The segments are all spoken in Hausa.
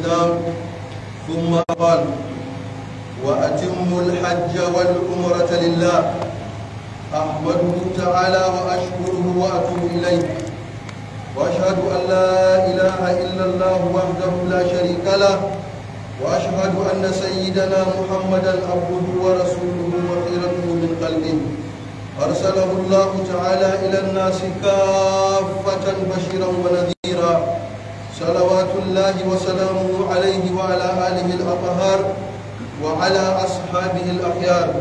الكتاب ثم قال وأتموا الحج والعمرة لله أحمده تعالى وأشكره وأتوب إليه وأشهد أن لا إله إلا الله وحده لا شريك له وأشهد أن سيدنا محمدا عبده ورسوله وخيرته من قلبه أرسله الله تعالى إلى الناس كافة بشيرا ونذيرا صلوات الله وسلامه عليه وعلى آله الأطهار وعلى أصحابه الأخيار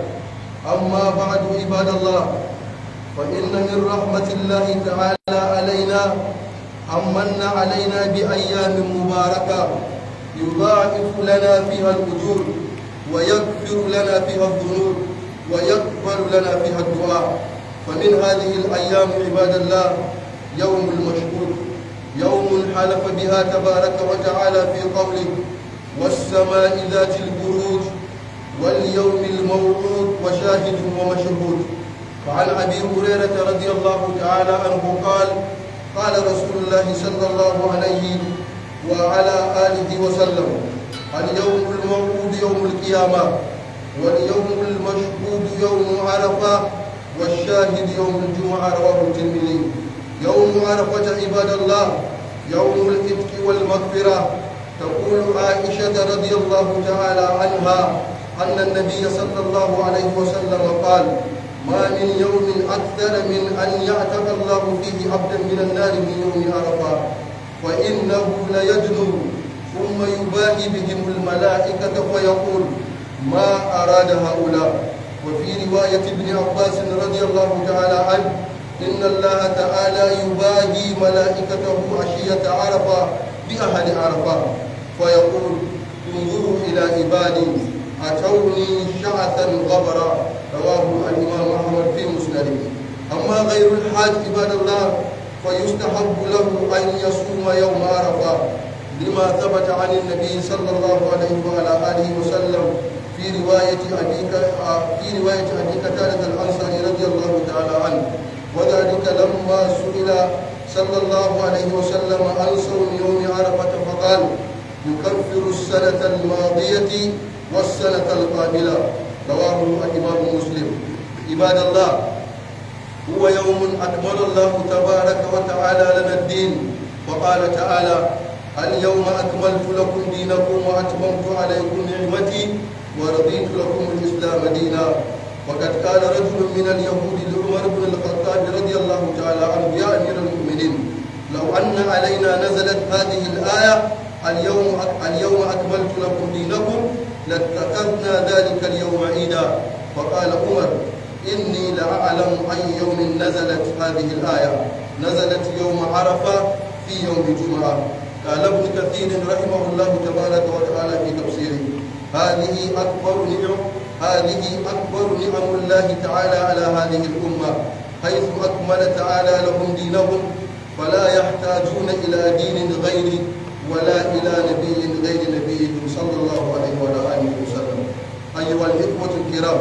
أما بعد عباد الله فإن من رحمة الله تعالى علينا أمن علينا بأيام مباركة يضاعف لنا فيها الأجور ويغفر لنا فيها الذنوب ويقبل لنا فيها الدعاء فمن هذه الأيام عباد الله يوم المشكور يوم حلف بها تبارك وتعالى في قوله والسماء ذات البروج واليوم الموعود وشاهد ومشهود فعن أبي هريرة رضي الله تعالى عنه قال قال رسول الله صلى الله عليه وعلى آله وسلم اليوم الموعود يوم القيامة واليوم المشهود يوم عرفة والشاهد يوم الجمعة رواه الترمذي يوم عرفة عباد الله يوم الإفك والمغفرة تقول عائشة رضي الله تعالى عنها أن النبي صلى الله عليه وسلم قال ما من يوم أكثر من أن يعتب الله فيه عبدا من النار من يوم عرفة فإنه ليجنب ثم يباهي بهم الملائكة ويقول ما أراد هؤلاء وفي رواية ابن عباس رضي الله تعالى عنه إن الله تعالى يباهي ملائكته عشية عرفة بأهل عرفة فيقول انظروا إلى عبادي أتوني شعثا غبرا رواه الإمام أحمد في مسنده أما غير الحاج عباد الله فيستحب له أن يصوم يوم عرفة لما ثبت عن النبي صلى الله عليه وعلى آله وسلم في رواية أبي في رواية أبي قتادة الأنصاري رضي الله تعالى عنه وذلك لما سئل صلى الله عليه وسلم عن صوم يوم عرفة فقال يكفر السنة الماضية والسنة القابلة رواه الإمام مسلم عباد الله هو يوم أكمل الله تبارك وتعالى لنا الدين وقال تعالى اليوم أكملت لكم دينكم وأتممت عليكم نعمتي ورضيت لكم الإسلام دينا وقد قال رجل من اليهود لعمر بن الخطاب رضي الله تعالى عنه يا امير المؤمنين لو ان علينا نزلت هذه الايه اليوم اليوم اكملت لكم دينكم لاتخذنا ذلك اليوم عيدا فقال عمر اني لاعلم اي يوم نزلت هذه الايه نزلت يوم عرفه في يوم جمعه قال ابن كثير رحمه الله تبارك وتعالى في تفسيره هذه اكبر نعم هذه أكبر نعم الله تعالى على هذه الأمة حيث أكمل تعالى لهم دينهم فلا يحتاجون إلى دين غير ولا إلى نبي غير نبيهم صلى الله عليه وعلى آله وسلم أيها الإخوة الكرام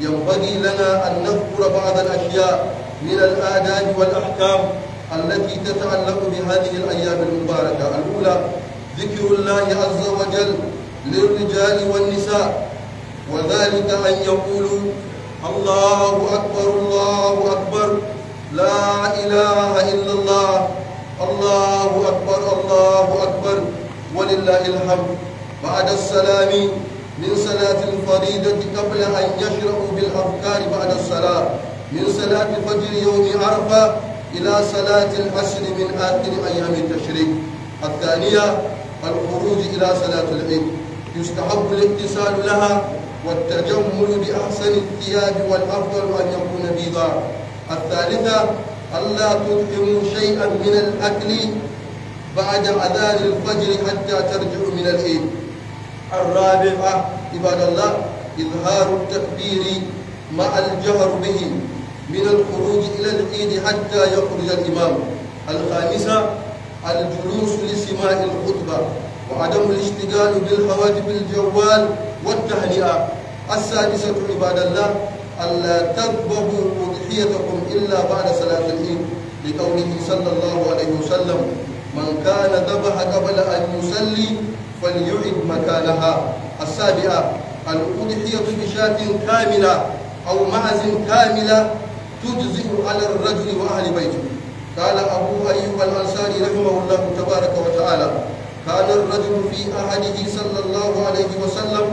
ينبغي لنا أن نذكر بعض الأشياء من الآداب والأحكام التي تتعلق بهذه الأيام المباركة الأولى ذكر الله عز وجل للرجال والنساء وذلك أن يقولوا الله أكبر الله أكبر لا إله إلا الله الله أكبر الله أكبر ولله الحمد بعد السلام من صلاة الفريضة قبل أن يشرعوا بالأفكار بعد الصلاة من صلاة فجر يوم عرفة إلى صلاة العصر من آخر أيام التشريق الثانية الخروج إلى صلاة العيد يستحب الاتصال لها والتجمل بأحسن الثياب والأفضل أن يكون بيضا الثالثة ألا تطعموا شيئا من الأكل بعد أذان الفجر حتى ترجعوا من العيد الرابعة عباد الله إظهار التكبير مع الجهر به من الخروج إلى العيد حتى يخرج الإمام الخامسة الجلوس لسماع الخطبة وعدم الاشتغال بالهواتف الجوال والتهنئة السادسة عباد الله ألا تذبحوا أضحيتكم إلا بعد صلاة العيد لقوله صلى الله عليه وسلم من كان ذبح قبل أن يصلي فليعد مكانها السابعة الأضحية بشاة كاملة أو معز كاملة تجزئ على الرجل وأهل بيته قال أبو أيوب الأنصاري رحمه الله تبارك وتعالى كان الرجل في أهله صلى الله عليه وسلم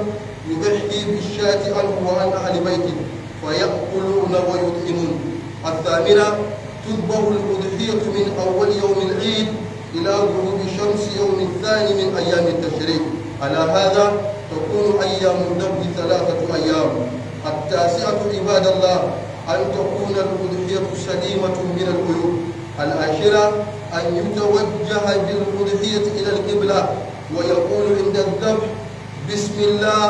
يضحي بالشاة عنه وعن أهل بيته فيأكلون ويطعمون الثامنة تذبح الأضحية من أول يوم العيد إلى غروب شمس يوم الثاني من أيام التشريق على هذا تكون أيام الذبح ثلاثة أيام التاسعة عباد الله أن تكون الأضحية سليمة من العيوب العاشرة أن يتوجه بالأضحية إلى القبلة ويقول عند الذبح بسم الله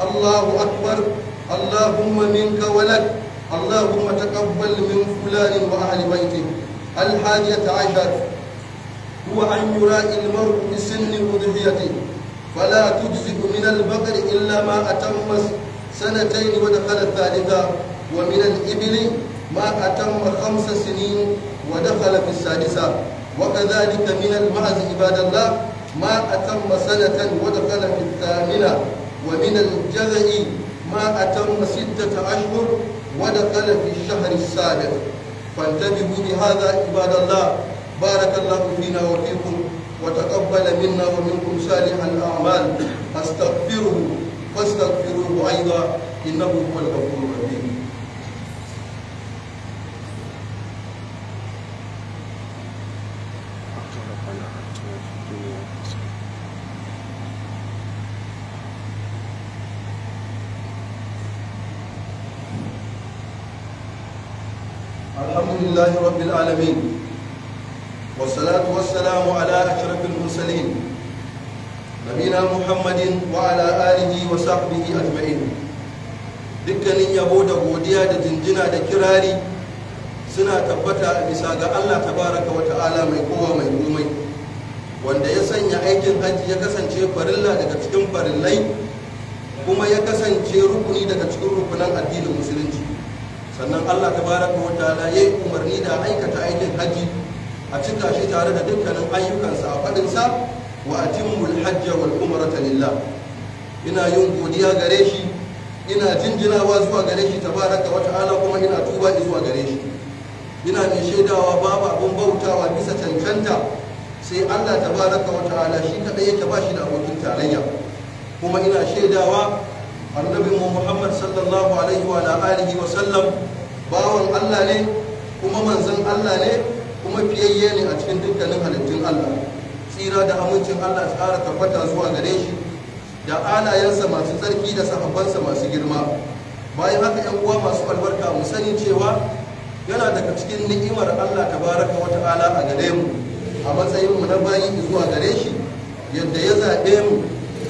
الله أكبر اللهم منك ولك اللهم تقبل من فلان وأهل بيته الحادية عشر هو أن يرائي المرء بسن أضحيته فلا تجزئ من البقر إلا ما أتم سنتين ودخل الثالثة ومن الإبل ما أتم خمس سنين ودخل في السادسة وكذلك من المعز عباد الله ما أتم سنة ودخل في الثامنة ومن الجذع ما أتم ستة أشهر ودخل في الشهر السادس فانتبهوا لهذا عباد الله بارك الله فينا وفيكم وتقبل منا ومنكم صالح الأعمال فاستغفروه فاستغفروه أيضا إنه هو الغفور الرحيم الحمد لله رب العالمين والصلاة والسلام على أشرف المرسلين نبينا محمد وعلى آله وصحبه أجمعين dukkanin yabo da godiya da jinjina da kirari suna tabbata a bisa ga Allah ta baraka wa ta'ala mai kowa mai komai wanda ya sanya aikin hajji ya kasance farilla daga cikin farillai kuma ya kasance rukuni daga cikin rukunan addinin musulunci sannan Allah ta baraka ya yi umarni da aikata aikin hajji a cika shi tare da dukkanin ayyukansa a faɗinsa wa atimmul hajja wal umrata lillah ina yin godiya gare shi ina jinjinawa zuwa gare shi tabaraka wata ta'ala kuma ina tuba zuwa gare shi ina mai shaidawa babu abin bautawa bisa cancanta sai Allah tabaraka wata ta'ala shi kaɗai yake ba shi da abokin tarayya kuma ina shaidawa annabi muhammad sallallahu alaihi wa alihi wa sallam bawan allah ne kuma manzon allah ne kuma fiyayye ne a cikin dukkanin halittun allah tsira da amincin allah tsara tabbata zuwa gare shi da alayensa masu tsarki da sahabbansa masu girma bayan haka yan uwa masu albarka mu sani cewa yana daga cikin ni'imar allah tabaraka wa ta'ala a gare mu a matsayinmu na bayi zuwa gare shi yadda ya zaɓe mu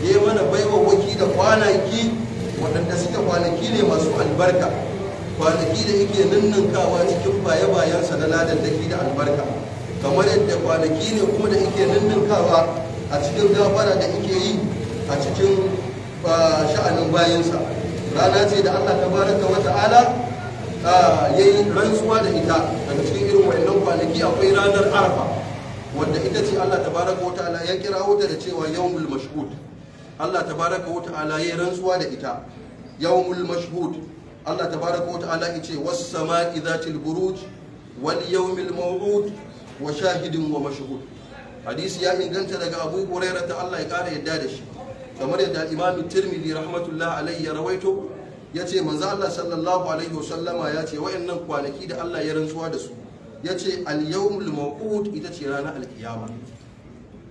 ya mana baiwa waki da kwanaki waɗanda suke kwanaki ne masu albarka kwanaki da yake ninninkawa cikin baya-bayansa na ladaddaki da albarka kamar yadda kwanaki ne kuma da yake ninninkawa a cikin gabara da yake yi a cikin sha'anin bayansa rana ce da allah tabaraka wa ta'ala ya yi rantsuwa da ita daga cikin irin wayannan kwanaki akwai ranar arfa wanda ita ce allah tabaraka wa ta'ala ya kira wuta da cewa yawmul mashhud Allah baraka wa ta'ala yayi rantsuwa da ita yawmul mashhud Allah baraka wa ta'ala yace was sama'i dhatil buruj wal yawmil maw'ud wa shahidin wa mashhud hadisi ya inganta daga Abu Hurairah ta Allah ya kara yadda da shi kamar yadda Imam Tirmidhi rahmatullah alayhi ya rawaito yace manzo Allah sallallahu alaihi wa sallama yace wayannan kwanaki da Allah ya rantsuwa da su yace al yawmul maw'ud ita ce ranar alkiyama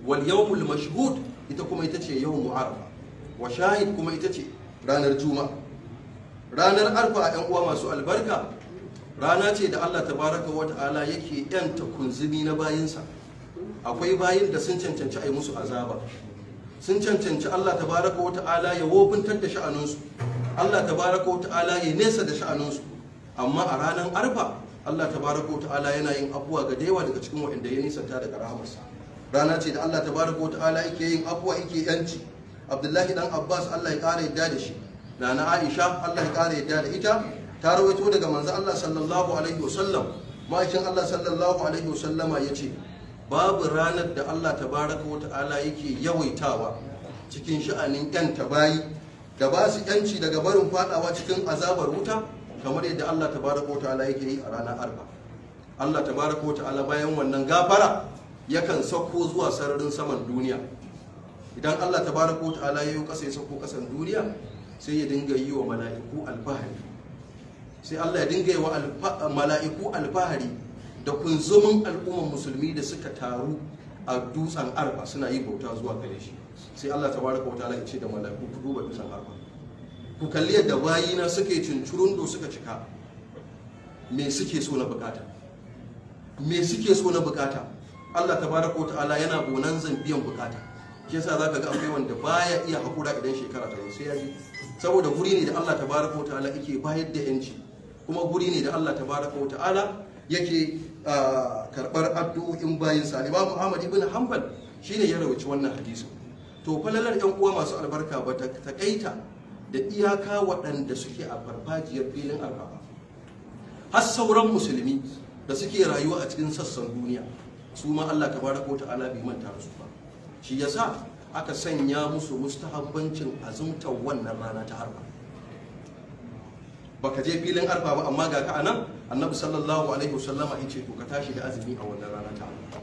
wal yawmul mashhud ita kuma ita ce yawon arafa wa shahid kuma ita ce ranar juma ranar arfa yan uwa masu albarka rana ce da allah tabaraka wa ta'ala yake yanta kunzumi na bayinsa akwai bayan da sun cancanci a musu azaba sun cancanci allah tabaraka wa ta'ala ya wofintar da sha'aninsu allah tabaraka wa ta'ala ya nesa da sha'aninsu amma a ranar arfa allah tabaraka wa ta'ala yana yin abuwa ga da daga cikin waɗanda ya nisanta daga rahamarsa rana ce da Allah tabaraka wa yake yin abuwa yake yanci Abdullahi dan Abbas Allah ya kara yadda da shi nana Aisha Allah ya kara yadda da ita ta rawaito daga manzo Allah sallallahu alaihi wasallam ma'aikin Allah sallallahu alaihi wasallama yace babu ranar da Allah tabaraka wa yake yawaitawa cikin sha'anin yan tabayi da ba su yanci daga barin fadawa cikin azabar wuta kamar yadda Allah tabaraka wa yake yi a ranar arba Allah tabaraka wa bayan wannan gafara yakan sauko zuwa sararin saman duniya idan Allah ta bara ta'ala ya kasa ya sauko kasan duniya sai ya dinga yi wa mala'iku alfahari sai Allah ya dinga yi wa mala'iku alfahari da kunzumin al'umman musulmi da suka taru a dutsen arfa suna yi bauta zuwa gare shi sai Allah ta bara ta'ala ya ce da mala'iku ku duba dutsen arfa ku kalli yadda bayina suke cincirundo suka cika me suke so na bukata me suke so na bukata Allah tabaraka ta'ala yana zan biyan bukata shi yasa zaka ga akwai wanda baya iya hakura idan shekara ta yi sai ya ji saboda guri ne da Allah tabaraka ta'ala yake bayar da yanci kuma guri ne da Allah tabaraka ta'ala yake karbar addu'o'in bayin sa Imam Muhammad ibn Hanbal shine ya rawaci wannan hadisi to falalar yan uwa masu albarka ba ta takaita da iyaka waɗanda suke a farfajiyar filin arfa har sauran musulmi da suke rayuwa a cikin sassan duniya su ma Allah tabaraka wata'ala bai manta da su ba shi yasa aka sanya musu mustahabbancin azumta wannan rana ta arba baka je filin arfa ba amma ga ka anan annabi sallallahu alaihi wasallama ya ce to ka tashi da azumi a wannan rana ta arba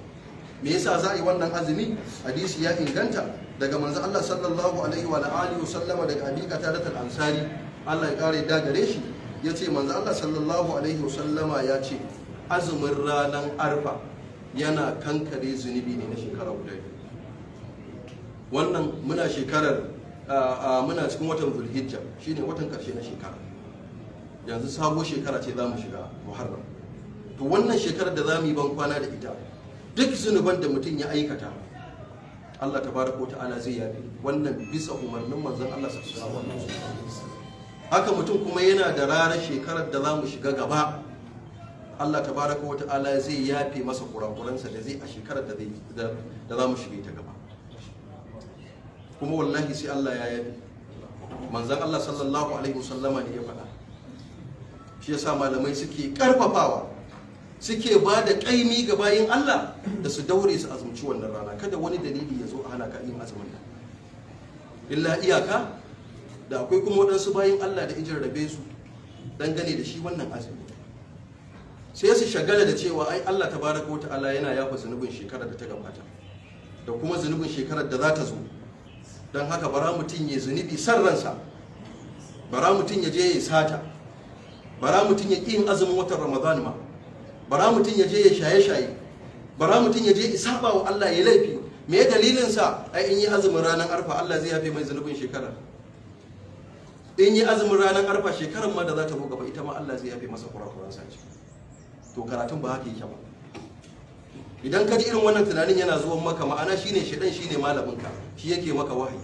me yasa za a yi wannan azumi hadisi ya inganta daga manzo Allah sallallahu alaihi wa alihi wasallama daga ta qatadatul ansari Allah ya kare da gare shi yace manzo Allah sallallahu alaihi wasallama ya ce azumin ranan arfa yana kankare zunubi ne na shekara guda biyu wannan muna shekarar muna cikin watan zulhijja shine watan karshe na shekara yanzu sabo shekara ce za mu shiga muharram to wannan shekarar da za mu yi ban kwana da ita duk zunuban da mutum ya aikata Allah Ta baraka wa ta'ala zai yafi wannan bisa umarnin manzon Allah sallallahu alaihi wasallam haka mutum kuma yana da ranar shekarar da za mu shiga gaba Allah baraka wa ta'ala zai yafe masa kurakuransa da zai a shekarar da zai da za mu shige ta gaba kuma wallahi sai Allah ya yafe manzon Allah sallallahu alaihi wasallama ne ya faɗa shi yasa malamai suke karfafawa suke ba da kaimi ga bayin Allah da su daure su azumci wannan rana kada wani dalili ya zo a hana ka yin azumin nan illa iyaka da akwai kuma waɗansu bayin Allah da ijin rabe su dangane da shi wannan azumi sai su shagala da cewa ai Allah tabaraka wa ta'ala yana yafa zunubin shekarar da ta gabata da kuma zunubin shekarar da za ta zo don haka bara mutum ya zunubi san ransa bara mutum ya je ya sata bara mutum ya ƙin azumin watan ramadan ma bara mutum ya je ya shaye-shaye bara mutum ya je ya saba wa Allah ya laifi me ya dalilin sa ai in yi azumin ranar arfa Allah zai yafe mai zunubin shekarar in yi azumin ranar arfa shekarar ma da za ta zo gaba ita ma Allah zai yafe masa kurakuran sa ce to karatun ba haka yake ba idan ka ji irin wannan tunanin yana zuwan maka ma'ana shine shedan shine malamin ka shi yake maka wahayi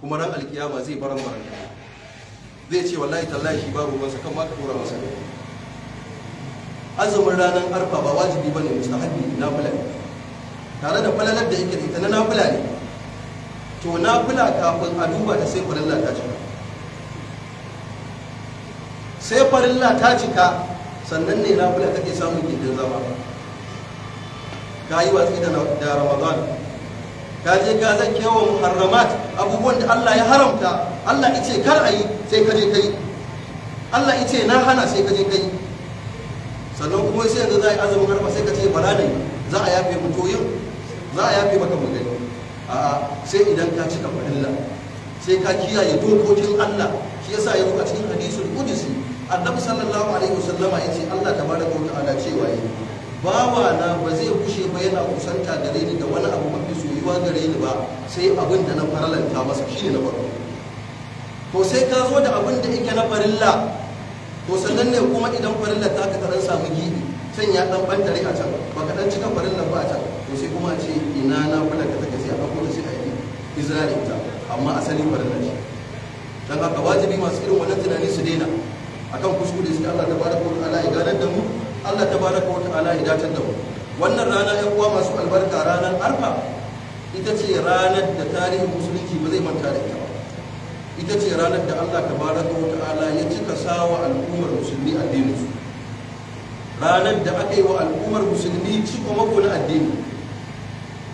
kuma ran alkiyama zai baran baran zai ce wallahi tallahi shi ba ruwansa kan maka dora masa azumin ranar arfa ba wajibi bane mustahabi na fulani tare da falalar da yake da ita na nafila ne to nafila kafin a duba da sai farilla ta cika sai farilla ta cika sannan ne na nafila kake samun gindin zama ka yi watsi da ramadan ka je ka zan kewa muharramat abubuwan da allah ya haramta allah ya ce kar a yi sai ka je ka yi allah ya ce na hana sai ka je ka yi sannan kuma sai yanzu za a yi azumin harfa sai ka ce bala ne za a yafe yau? za a yafe maka gani a'a sai idan ka cika fahimla sai ka kiyaye dokokin allah shi yasa ya zo a cikin hadisul qudsi annabi sallallahu alaihi ya ce Allah tabaraka wa ta'ala cewa yi bawa na ba zai kushe ba yana kusanta gare ni da wani abu mafi soyuwa gare ni ba sai abin da na faralanta masa shi ne na farko to sai ka zo da abin da yake na farilla to sannan ne kuma idan farilla ta ka taran samu gidi san ya dan banta a can ba ka dan cika farilla ba a can to sai kuma a ce ina na fula ka take sai a kuma sai a yi izrarin ta amma asali farilla ce dan haka wajibi masu irin wannan tunani su daina akan kuskure suke Allah tabaraka wa ta'ala ya ganar da mu Allah tabaraka wa ta'ala ya datar da mu wannan rana ya uwa masu albarka ranar arfa ita ce ranar da tarihin musulunci ba zai manta da ita ba ita ce ranar da Allah tabaraka wa ta'ala ya cika sawa al'ummar musulmi addinin su ranar da aka yi wa al'ummar musulmi ciko mako na addini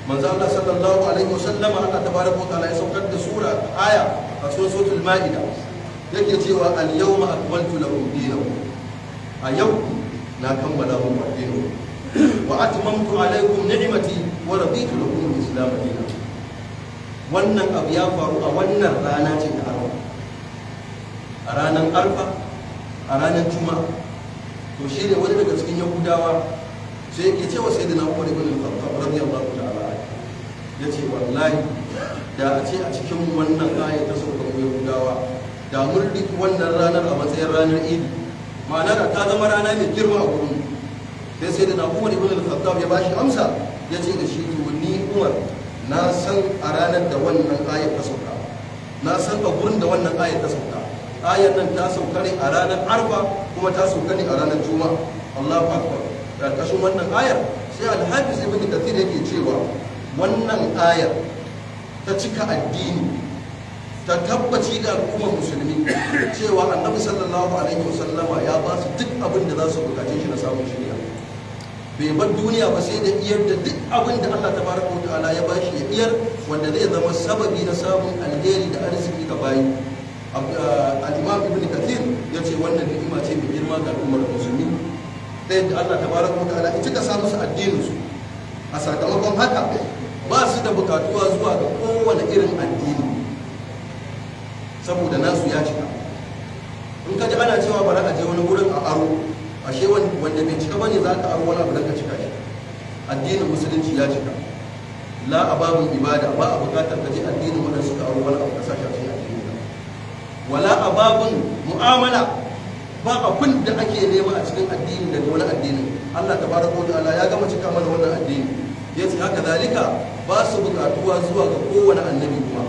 manzo Allah sallallahu alaihi wasallama Allah tabaraka wa ta'ala ya saukar da sura aya a suratul ma'ida yake cewa al yawma akmaltu lahum dinahum a yau na kammala muku addinin wa atmamtu alaikum ni'mati wa raditu lakum al-islam dinan wannan abu ya faru a wannan rana ce ta arfa a ranar arfa a ranar juma'a to shi ne wani daga cikin yahudawa sai yake cewa sai da na umar ibn al-khattab radiyallahu ta'ala ya ce wallahi da a ce a cikin wannan ayyata sau sauka yahudawa da mun wannan ranar a matsayin ranar idi ma'ana da ta zama rana mai girma a gurin sai sai da na kuma ibn al-khattab ya bashi amsa ya ce da shi to ni umar na san a ranar da wannan ayar ta sauka na san a gurin da wannan ayar ta sauka ayar nan ta sauka ne a ranar arba kuma ta sauka ne a ranar juma'a allahu akbar karkashin wannan ayar sai alhafiz ibn kathir yake cewa wannan ayar ta cika addini ta tabbaci da al'ummar musulmi cewa annabi sallallahu alaihi wasallama ya ba su duk abin da za su bukace shi na samun shirya bai bar duniya ba sai da iyar da duk abin da Allah tabaraka wa ta'ala ya bashi ya iyar wanda zai zama sababi na samun alheri da arziki ga bayi al ibn kathir ya ce wannan ni'ima ce mai girma ga al'ummar musulmi ta yadda Allah tabaraka wa ta'ala ita ka samu su addinin a sakamakon haka ba su da bukatuwa zuwa ga kowane irin addini saboda nasu ya cika in ka ji ana cewa ba a je wani wurin a aro ashe wanda bai cika bane za ka aro wani abu ka cika shi addinin musulunci ya cika la a babin ibada ba a bukatar ka je addinin wanda suka aro wani abu ka sa shi a cikin wala a babin mu'amala ba abin da ake nema a cikin addini daga wani addinin Allah tabaraka wa ta'ala ya gama cika mana wannan addini yace haka zalika ba su bukatuwa zuwa ga kowane annabi kuma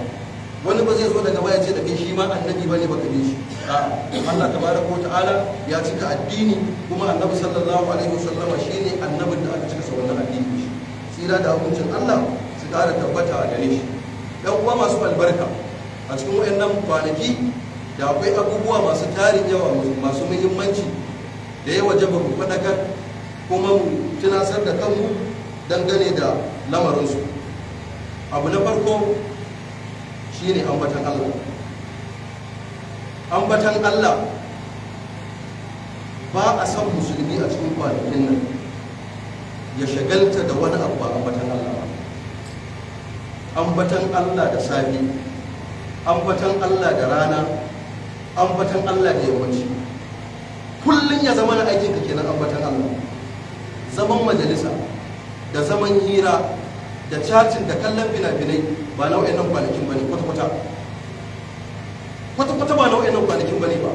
wani ba zai zo daga baya ce da kai shi ma annabi bane baka bi shi a Allah tabaraka ta'ala ya cika addini kuma annabi sallallahu alaihi shi shine annabin da aka cika wannan addini tsira da hukuncin Allah su kara tabbata a gare shi dan uwa masu albarka a cikin wayannan kwanaki da akwai abubuwa masu tarin yawa masu muhimmanci da ya waje ba mu fadakar kuma mu tunasar da kanmu dangane da lamarinsu abu na farko ne ambatan Allah ambatan Allah ba a san musulmi a cikin kwanakin nan ya shagalta da wani abu ba ambatan Allah ambatan Allah da safe ambatan Allah da rana ambatan Allah da yawanci, kullum ya zama na aikinka kenan ambatan Allah zaman majalisa da zaman hira da cacin da kallon fina-finai ba na nan kwanakin ba ne kwata-kwata kwata-kwata ba na nan kwanakin ba ne ba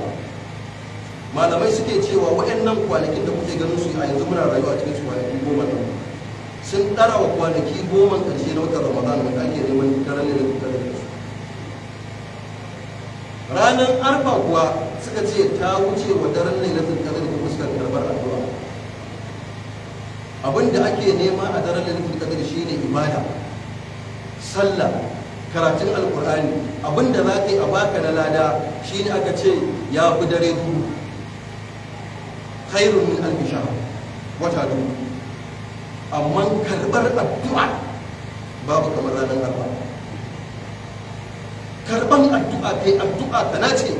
malamai suke cewa nan kwanakin da kuke ganin su a yanzu muna rayuwa cikin su kwanaki goma nan sun ɗara wa kwanaki goma ƙarshe na watan ramadan da ake neman daren ne da daren da su ranar arfa kuwa suka ce ta wuce wa daren ne na abinda ake nema a daren lalimin kadar shi ne imada. sallah karatun alkur'ani abinda za ka yi a baka na lada shi ne aka ce ya fi dare duhu khairun min albishar wata duhu amma karɓar addu'a babu kamar ranar arba karɓar addu'a kai addu'a ta nace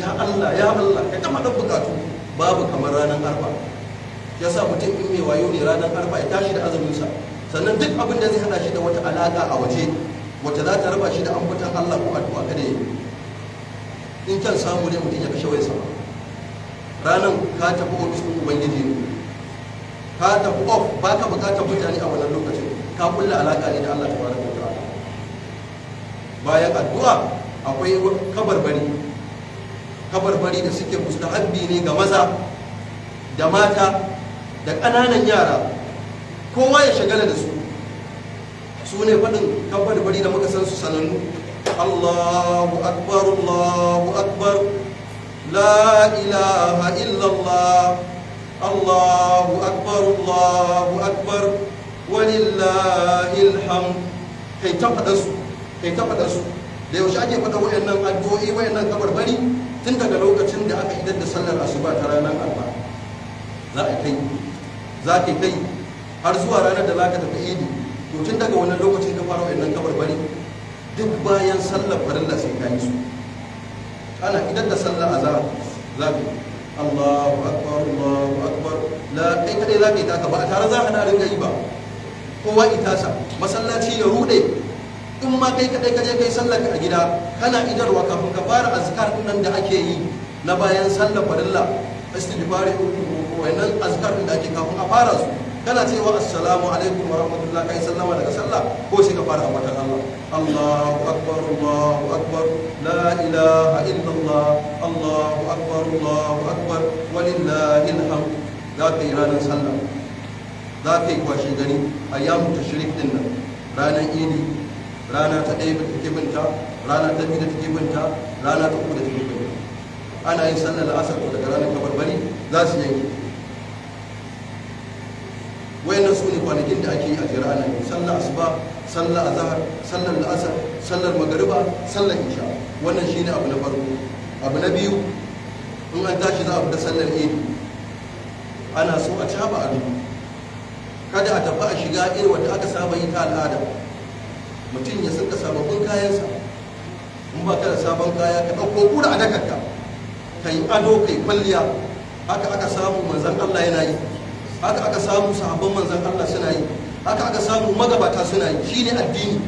ya allah ya allah ka gama ɗan bukatu babu kamar ranar arba ya sa mutum in mai wayo ne ranar arfa ya tashi da azuminsa sannan duk abin da zai hana shi da wata alaƙa a waje wata za ta raba shi da ambatan Allah ko addu'a kada ya in kan samu ne mutum ya kashe wai sama ranar ka tafi ofis ɗin ubangiji ne ka tafi off ba ka bukatar mutane a wannan lokacin ka kulle alaƙa ne da Allah ta baraka ta bayan addu'a akwai kabarbari kabarbari da suke mustahabbi ne ga maza da mata da ƙananan yara kowa ya shagala da su su ne faɗin kabbar bari da muka san su sanannu allahu akbar allahu akbar la ilaha illallah allahu akbar allahu akbar walillahil hamd kai ta faɗa su kai ta faɗa su da yaushe ake faɗa wayannan addu'o'i wayannan kabarbari tun daga lokacin da aka idar da sallar asuba ta ranar arba za a kai za ka kai har zuwa ranar da za ka tafi idi to tun daga wannan lokacin ka fara wa'annan kabarbari duk bayan sallar farilla sai ka yi su ana idan da sallar azhar za ka yi Allahu akbar Allahu akbar la kai kadai za ka yi taka ba a tare za ka na ringa yi ba kowa sa masallaci ya rude in ma kai kadai kaje kai sallar ka a gida kana idarwa kafin ka fara azkar nan da ake yi na bayan sallar farilla istighfari uku wannan azkar da ake kafin a fara su kana cewa assalamu alaikum wa rahmatullahi kai sallama daga sallah ko sai ka fara ambatan Allah Allahu akbar Allahu akbar la ilaha illallah Allahu akbar Allahu akbar walillahi alhamd za ka yi ranar sallah za ka yi kwashe gani ayyamu tashrik din nan ranar idi rana ta ɗaya da take binta rana ta biyu da take binta rana ta uku da take ana yin sannan la'asar ko daga ranar kabarbari za su yanki wayannan su ne kwanakin da ake yi a jira ana sallar asuba sallar azahar sallar la'asar sallar magariba sallar isha wannan shine abu na farko abu na biyu in an tashi za a fita sallar idi ana so a caba a dubu kada a tafi a shiga irin wanda aka saba yi ta al'ada mutum ya saka sababbin kayansa in ba ka da sabon kaya ka ɗauko kura a dakarka ka yi ado ka yi kwalliya haka aka samu manzan Allah yana yi haka aka samu sahabban manzan Allah suna yi haka aka samu magabata suna yi shine addini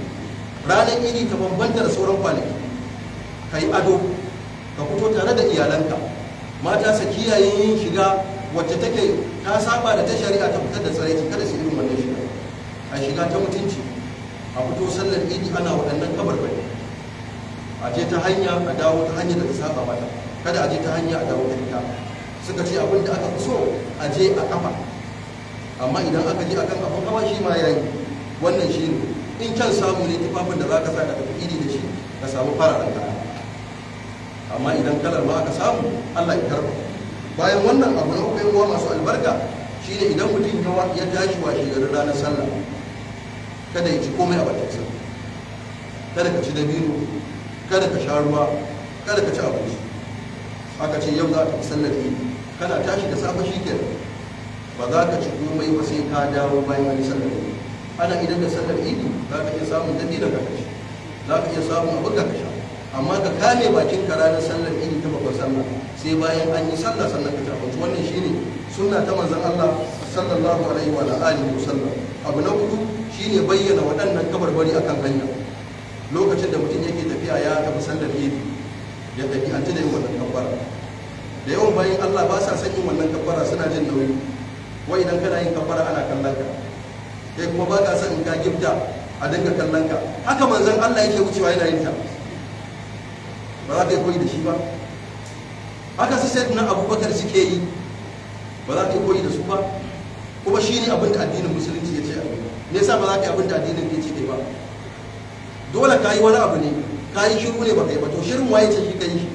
ranar iri ta bambanta da sauran kwanaki ka yi ado ka fito tare da iyalanka mata su kiyaye yin shiga wacce take ta saba da ta shari'a ta fitar da tsaraici kada su irin wannan shiga a shiga ta mutunci a fito sallar idi ana waɗannan kabar bane a je ta hanya a dawo ta hanya da ta saba mata kada a je ta hanya a dawo ta suka ce abin da aka fi so a je a kafa amma idan aka je akan abin hawa shi ma ya yi wannan shi ne in kyan samu ne tufafin da za ka sa ka tafi iri da shi ka samu fararen ka. amma idan kalar ma aka samu allah ya karba bayan wannan abu na uku kowa masu albarka shi ne idan mutum ya tashi washe garin ranar sallah kada ya ci komai a bakinsa kada ka ci dabino kada ka sha ruwa kada ka ci abinci aka ce yau za ka fi sallar idi kana tashi da safe shi kenan ba za ka ci komai ba sai ka dawo bayan wani sallar idi ana idan da sallar idi za ka iya samun dadi da kaka za ka iya samun abin da ka amma ka kame bakin ka ranar sallar idi ta bakwai sallah sai bayan an yi sallah sannan ka ci wannan shine sunna ta manzon Allah sallallahu alaihi wa alihi sallam abu na hudu shine bayyana waɗannan kabarbari akan hanya lokacin da mutum yake tafiya ya tafi sallar idi ya ji da yin wannan kafara da yawan bayan allah ba sa san yin wannan kafara suna jin nauyi wai idan kana yin kafara ana kallon ka kai kuma ba ka san in ka gifta a dinga kallon ka haka manzon allah yake wucewa yana yin ta ba za ka yi koyi da shi ba haka su sai nan abubakar suke yi ba za ka yi koyi da su ba kuma shi ne abin da addinin musulunci ya ce a me yasa ba za ka yi abin da addinin ke ce ba dole ka yi wani abu ne ka yi shiru ne ba kai ba to shirin waye ce shi ka yi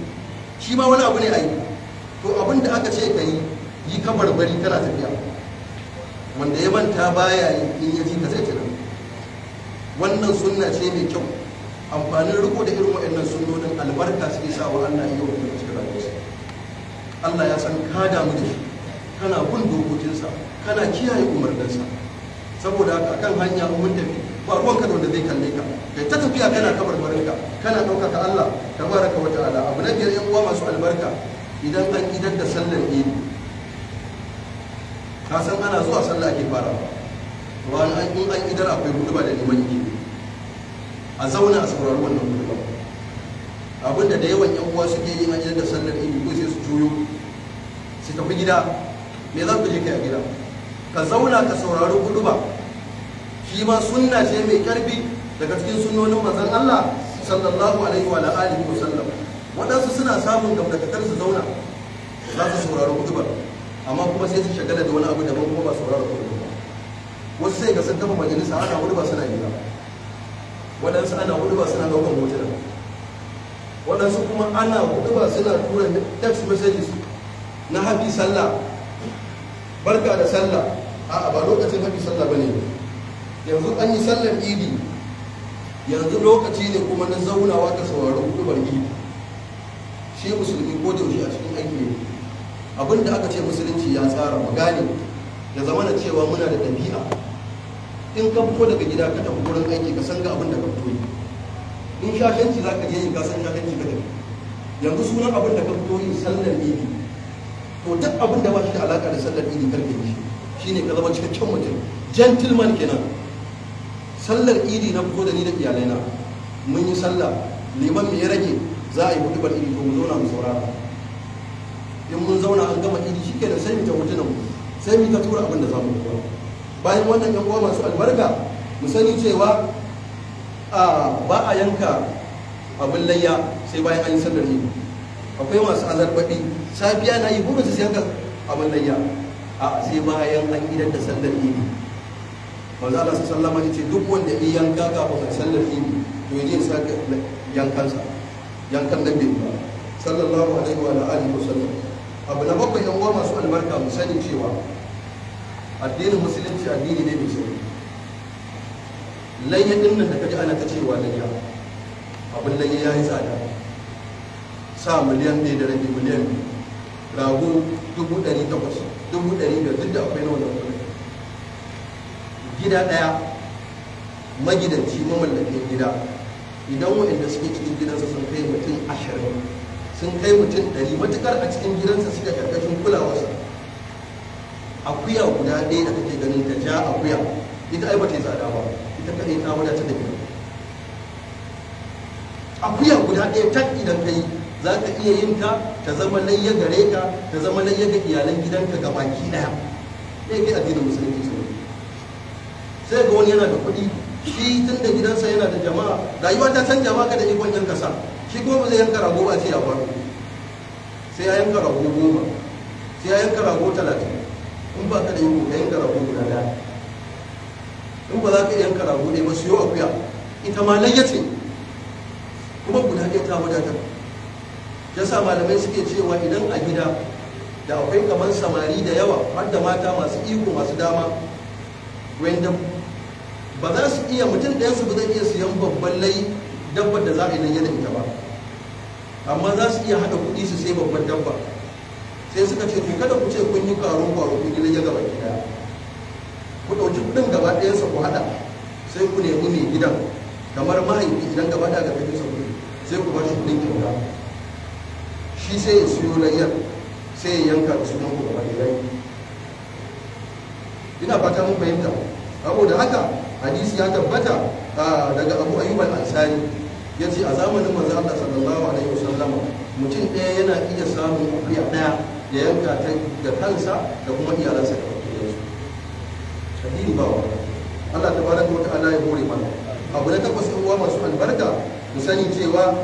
shi ma wani abu ne a yi to abin da aka ce ka yi yi ka bari kana tafiya wanda ya manta baya yi in ya ji ka zai tuna wannan sunna ce mai kyau amfanin riko da irin waɗannan sunnonin albarka suke sa wa Allah ya yi wa cikin rayuwarsa Allah ya san ka damu da shi kana bin dokokinsa kana kiyaye umarninsa saboda haka kan hanya mun tafi ba ruwanka da wanda zai kalle ka kai ta tafiya kana kabar kabarbarinka kana ɗaukaka Allah tabaraka wa ta'ala abu na biyar yan uwa masu albarka idan an idan da sallar idi ka san ana zuwa sallah ake fara ba an in an idar akwai ba da liman yake a zauna a saurari wannan ba abinda da yawan yan uwa suke yi an idan da sallar idi ko sai su juyo su tafi gida me za ku je kai gida ka zauna ka saurari ba shi ma sunna ce mai karfi daga cikin sunnonin mazan Allah sallallahu alaihi wa alihi wa sallam waɗansu suna samun gamdakatar su zauna za su saurari ba. amma kuma sai su shagala da wani abu daban kuma ba saurari hutubar ba wasu sai ga sun taɓa majalisa ana ba suna yi waɗansu ana ba suna ɗaukar hotuna waɗansu kuma ana ba suna tura text messages na Hafi sallah barka da sallah a'a ba lokacin Hafi sallah ba ne yanzu an yi sallar idi yanzu lokaci ne kuma na zaunawa wata sauraron kubar idi shi musulmi ko da a cikin aiki ne abin da aka ce musulunci ya tsara mu gane da zama na cewa muna da ɗabi'a in ka fito daga gida ka tafi wurin aiki ka san ga abin da ka fito yi in shashanci za ka je yin gasan shashanci ka tafi yanzu sunan abin da ka fito yi sallar idi to duk abin da ba shi da alaka da sallar idi karfe shi shine ka zama cikakken mutum gentleman kenan sallar idi na fito da ni da iyalaina mun yi sallah liman mai rage za a yi bar idi to mu zauna mu saurara in mun zauna an gama idi shi kenan sai mu ta hotuna mu sai mu ta tura abin da za mu kuwa bayan wannan yan uwa masu albarka mu sani cewa ba a yanka abin layya sai bayan an yi sallar idi akwai masu azarbaɗi safiya na yi burin su yanka abin layya a sai bayan an idan da sallar idi manzo Allah sallama ce duk wanda yi yanka kafin sallar ibi to yaje sa yankan sa yankan da bin sallallahu alaihi wa alihi wasallam abu na bakwai yan uwa masu albarka mu sani cewa addinin musulunci addini ne mai sauki layya din nan da kaji ana ta cewa layya abin layya ya yi tsada sa miliyan ɗaya da rabi miliyan biyu rago dubu ɗari takwas dubu ɗari biyar duk da akwai na gida ɗaya magidanci mamallakin gida idan waɗanda suke cikin gidansa sun kai mutum ashirin sun kai mutum ɗari matukar a cikin gidansa suka karkashin kulawarsa akuya guda ɗaya da kake ganin ta ja akuya ita ai bata yi tsada ba ita kaɗai ta wadata da gidan akuya guda ɗaya ta idan ka yi za ka iya yin ta ta zama layya gare ka ta zama layya ga iyalan gidanka ga baki ɗaya ɗaya ke addinin musulunci sai ga wani yana da kuɗi shi tun da gidansa yana da jama'a rayuwa ta san maka da ikon yanka sa shi kuma zai yanka rago ba sai ya faru sai ya yanka rago goma sai ya yanka rago talatin in ba ka da iko ka yanka rago guda daya in ba za ka yanka rago ɗaya ba siyo akuya ita ma layya ce kuma guda ɗaya ta wadatar ya sa malamai suke cewa idan a gida da akwai kamar samari da yawa har da mata masu iko masu dama wanda ba za su iya mutum ɗaya su ba zai iya siyan babban lai dabbar da za a yi nan ita ba amma za su iya haɗa kuɗi su sai babban dabba sai suka ce to kada ku ce kun yi karo kwaro kun yi gaba ɗaya ku ɗauki kuɗin gaba ɗaya sa ku haɗa sai ku nemi mai gidan kamar mahaifi idan gaba ɗaya ga kafin sa sai ku ba shi kuɗin kyauta shi sai ya siyo layyar sai ya yanka da sunan ku gaba ɗaya ina fata mun fahimta saboda haka hadisi ya tabbata daga abu ayyub al-ansari ya ce a zamanin manzo Allah sallallahu alaihi wasallam mutum ɗaya yana iya samun akuya ɗaya da yanka ta da kansa da kuma iyalansa da su addini ba wa Allah tabaraka wa ta'ala ya hore mana abu na takwas uwa masu albarka mu sani cewa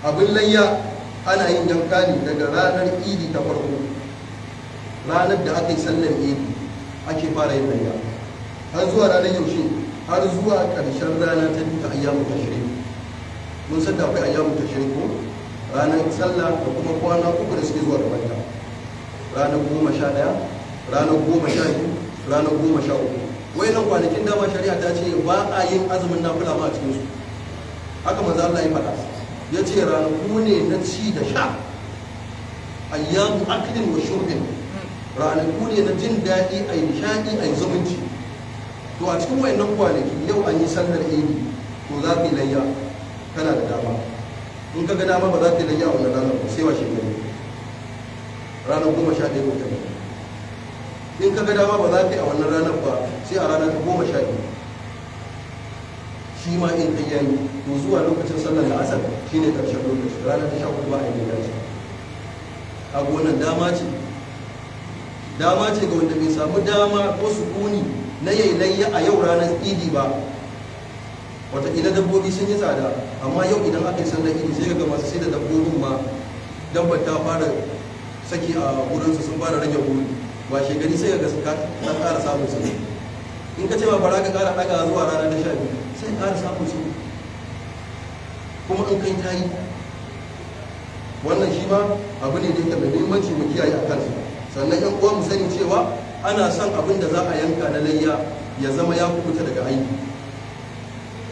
abin layya ana yin yanka daga ranar idi ta farko ranar da aka yi sallar idi ake fara yin layya har zuwa ranar yaushe har zuwa ƙarshen rana ta biyu ta ayyamu tashirin mun san da akwai ayyamu tashirin ko ranar sallah da kuma kwana uku da suke zuwa gabanta ranar goma sha ɗaya ranar goma sha biyu ranar goma sha uku wai nan kwanakin dama shari'a ta ce ba a yin azumin nafila ma a cikinsu haka maza Allah ya faɗa ya ce ranaku ne na ci da sha ayyamu akidin wa shurbin ranaku ne na jin daɗi a yi nishaɗi a yi zumunci to a cikin wayannan kwanaki yau an yi sallar idi to za ka layya kana da dama in ka ga dama ba za ka yi layya wannan ranar ba sai wa shekaru ranar goma sha ɗaya wata in ka ga dama ba za ka yi a wannan ranar ba sai a ranar ta goma sha biyu shi ma in ka yayi to zuwa lokacin sallar la'asar shi ne ƙarshen lokaci ranar ta sha hudu ba a yi layya ce a gonan dama ce dama ce ga wanda bai samu dama ko sukuni na yayi layya a yau ranar idi ba wataƙila dabbobi sun yi tsada amma yau idan aka yi sallar idi sai ga masu sai da dabbobin ma dabbar ta fara saki a wurinsu sun fara rage wuri ba shekari sai ga ka ta ƙara samun su in ka ce ba fara ka ƙara ɗaga zuwa rana ta sha biyu sai ƙara samun su kuma in kai ta yi wannan shi ma abu ne da yake mai muhimmanci mu kiyaye a kansu sannan yan uwa mu sani cewa ana son abin da za a yanka na layya ya zama ya kubuta daga aiki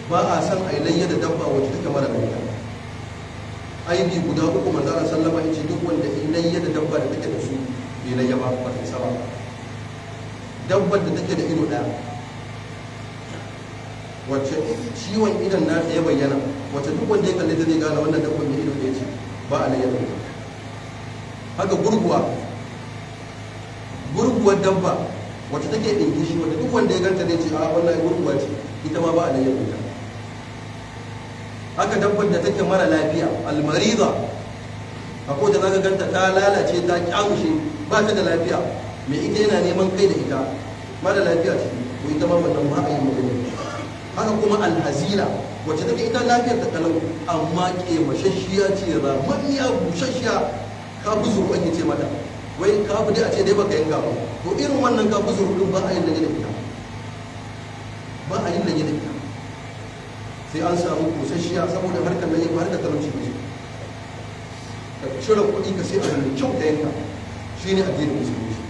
ba a son a yi layya da dabba wacce take mara layya aibi guda uku manzara sallama ya ce duk wanda yi layya da dabba da take da su bai layya ba ba ta ba dabbar da take da ido ɗaya wacce ciwon idan na ya bayyana wacce duk wanda ya kalli ta zai gane wannan dabbar mai ido ɗaya ce ba a layya da haka gurguwa gurguwar dabba wacce take ɗinke shi wata duk wanda ya ganta ne ce a wannan gurguwa ce ita ma ba a nan ta haka dabbar da take mara lafiya almariza a kowace za ka ganta ta lalace ta kyamushe ba ta da lafiya mai ita yana neman kai da ita mara lafiya ce ko ita ma wannan ba a yi magana haka kuma alhazila wacce take ita lafiyar ta kalau amma ke mashashiya ce ramanniya bushashiya ka buzo ake ce mata wai ka dai a ce dai baka yanka ba to irin wannan ka fi ba a yin lage da ita ba a yin lage da ita sai an samu kusasshiya saboda harkar lage ba harkar talauci ne ka cire kuɗi ka sai a yi kyau ka yanka shi ne addinin musulunci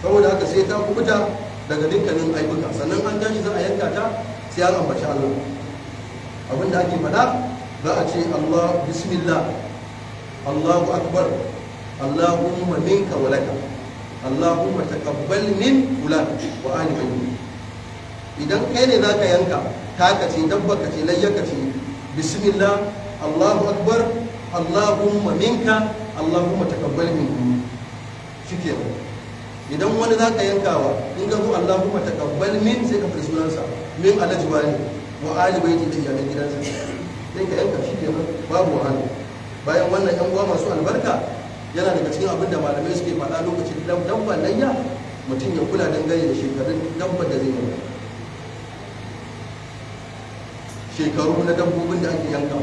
saboda haka sai ta kubuta daga dukkanin aibuka sannan an tashi za a yanka ta sai an ambaci Allah abinda ake faɗa za a ce Allah bismillah Allahu akbar Allahumma minka wa laka Allahumma taqabbal min fulan wa ali min idan kai ne ka yanka Ka ce dabba ka ce layyaka ce bismillah Allahu akbar Allahumma minka Allahumma taqabbal min shike idan wani za ka yanka yankawa in ga ku Allahumma taqabbal min sai ka fara sunansa min alajbani wa ali baiti da iyalan gidansa sai ka yanka shi kenan babu wahala bayan wannan yan uwa masu albarka yana daga cikin abin da malamai suke faɗa lokacin dabban layya mutum ya kula don gani da shekarun dabban da zai yi shekaru na dabbobin da ake yanka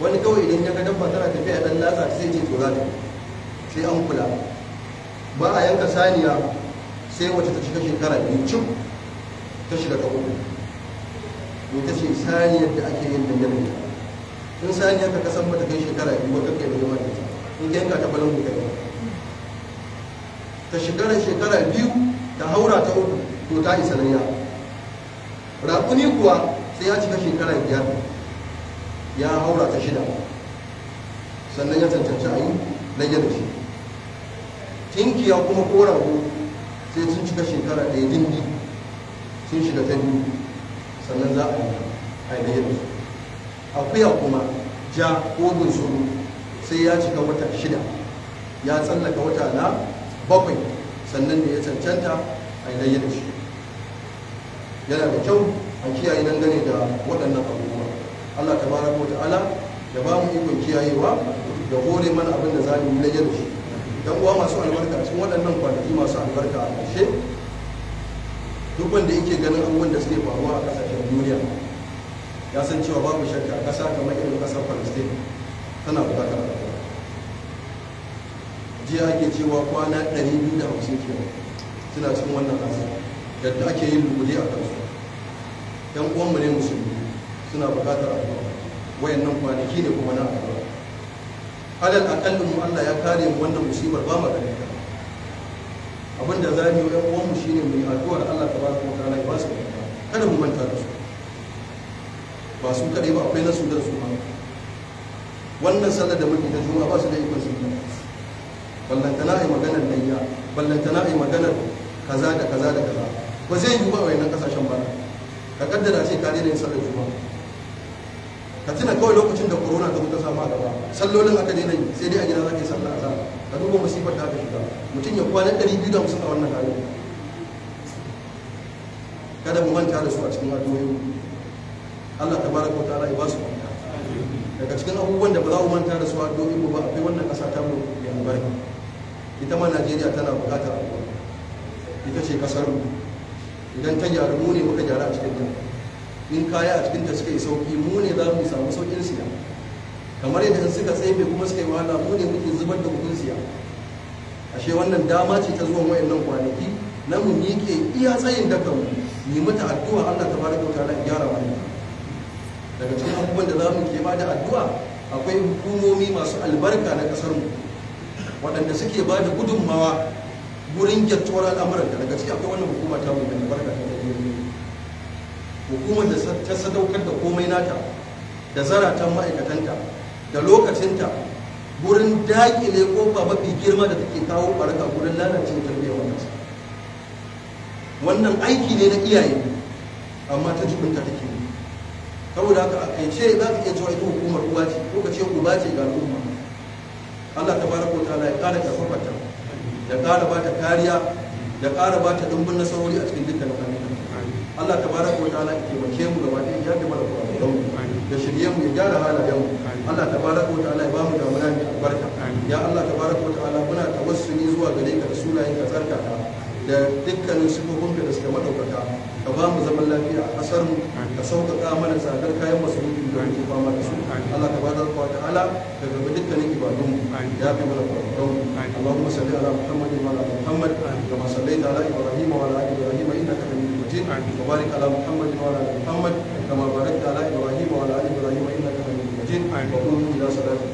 wani kawai idan ya ga dabba tana tafiya dan latsa sai ce tsora za ta sai an kula ba a yanka saniya sai wacce ta shiga shekara biyu cin ta shiga ta uku ne ta ce saniyar da ake yin dangane in saniyar ka kasan mata kai shekara biyu wata kai da yawa ta in yanka ta balon da ba ta shekara shekara biyu ta haura ta uku to ta isa nan ya kuwa sai ya cika shekara biyar ya haura ta shida sannan ya tantance ayi na yadda da shi ya kuma ko sai sun cika shekara ɗaya dindi sun shiga ta biyu sannan za a yi yi da su akuya kuma ja ko bunsuru sai ya cika wata shida ya tsallaka wata na bakwai sannan da ya cancanta a yi da shi yana da kyau a kiyaye dangane da waɗannan abubuwa allah ta bara ta'ala ya ba mu ikon kiyayewa da hore mana abin da za mu yi da shi dan uwa masu albarka cikin waɗannan kwanaki masu albarka a ƙarshe duk wanda yake ganin abubuwan da suke faruwa a ƙasashen duniya ya san cewa babu shakka ƙasa kamar irin ƙasar palestine tana abu jiya ake cewa kwana 250 kenan suna cikin wannan azaba yadda ake yin lugudi a kansu yan uwanmu ne musulmi suna bukatar addu'a nan kwanaki ne kuma na addu'a alal akallin mu Allah ya kare mu wannan musibar ba mu gare ta da za mu yi yan uwan mu shine mu yi addu'ar Allah ta tabaraka wa ta'ala ya ba su kada mu manta da su ba su kadai ba akwai na su da su ba wannan sallar da muke ta juma'a ba su da ikon su ballantana a yi maganar layya ballantana a yi maganar kaza da kaza da kaza ba zai yi ba a wayannan kasashen ba ka kaddara ce ka daina yin sallar juma'a ka tuna kawai lokacin da corona ta mutu sama gaba sallolin aka daina yi sai dai a gida za ka yi sallar azhar ka duba masifar da aka shiga mutum ya kwana ɗari biyu da musu a wannan hali kada mu manta da su a cikin addu'o'i Allah baraka wa ta'ala ya ba su daga cikin abubuwan da ba za mu manta da su addu'o'i mu ba akwai wannan kasa ta mu ya albarka ita ma najeriya tana a kuma ita ce kasar mu idan ta gyara mu ne muka gyara a cikin ta in kaya a cikin ta suka yi sauki mu ne za mu samu saukin siya kamar yadda in suka tsaye kuma suka yi wahala mu ne muke zubar da kudin siya ashe wannan dama ce ta zuwan wayannan kwanaki na mu miƙe iya tsayin da kanmu mu mata addu'a Allah ta baraka ta Allah gyara mu daga cikin abubuwan da za mu ke ba da addu'a akwai hukumomi masu albarka na kasar mu waɗanda suke ba da gudunmawa gurin gyattuwar al'amuran da daga ciki akwai wannan hukuma ta mai da barka ta hukumar da ta sadaukar da komai nata da zaratan ma'aikatanta da lokacinta wurin dakile ba mafi girma da take kawo baraka wurin lalacin tarbiyyar wannan wannan aiki ne na iyaye amma ta jibinta take saboda haka a kai ce za ka iya cewa ita hukumar uwa ce ko ka ce uba ce ga al'umma Allah ta baraka ta ta'ala ya ƙara karfafa ta ya ƙara ba ta kariya ya ƙara ba ta dumbin nasarori a cikin dukkan al'amuran Allah ta baraka ta ta'ala ya taimake mu gaba ɗaya ya mara kuwa da mu da shirye mu ya gyara halayen mu Allah ta baraka ta ta'ala ya ba mu damuna mai albarka ya Allah ta baraka ta ta'ala muna tawassuli zuwa gare ka da sunayen ka ta, da dukkanin ka da suka madaukaka ka ba mu zaman lafiya a ƙasar mu ka sauƙaƙa mana tsadar kayan masarufi da ba mana su Allah ta bada wa ta'ala da gaba dukkanin ibadun ya fi mana farkon Allahumma salli ala Muhammad wa ala Muhammad kama ala Ibrahim wa ala Ibrahim Majid wa barik ala Muhammad wa ala Muhammad kama ala Ibrahim wa ala Ibrahim Majid wa ila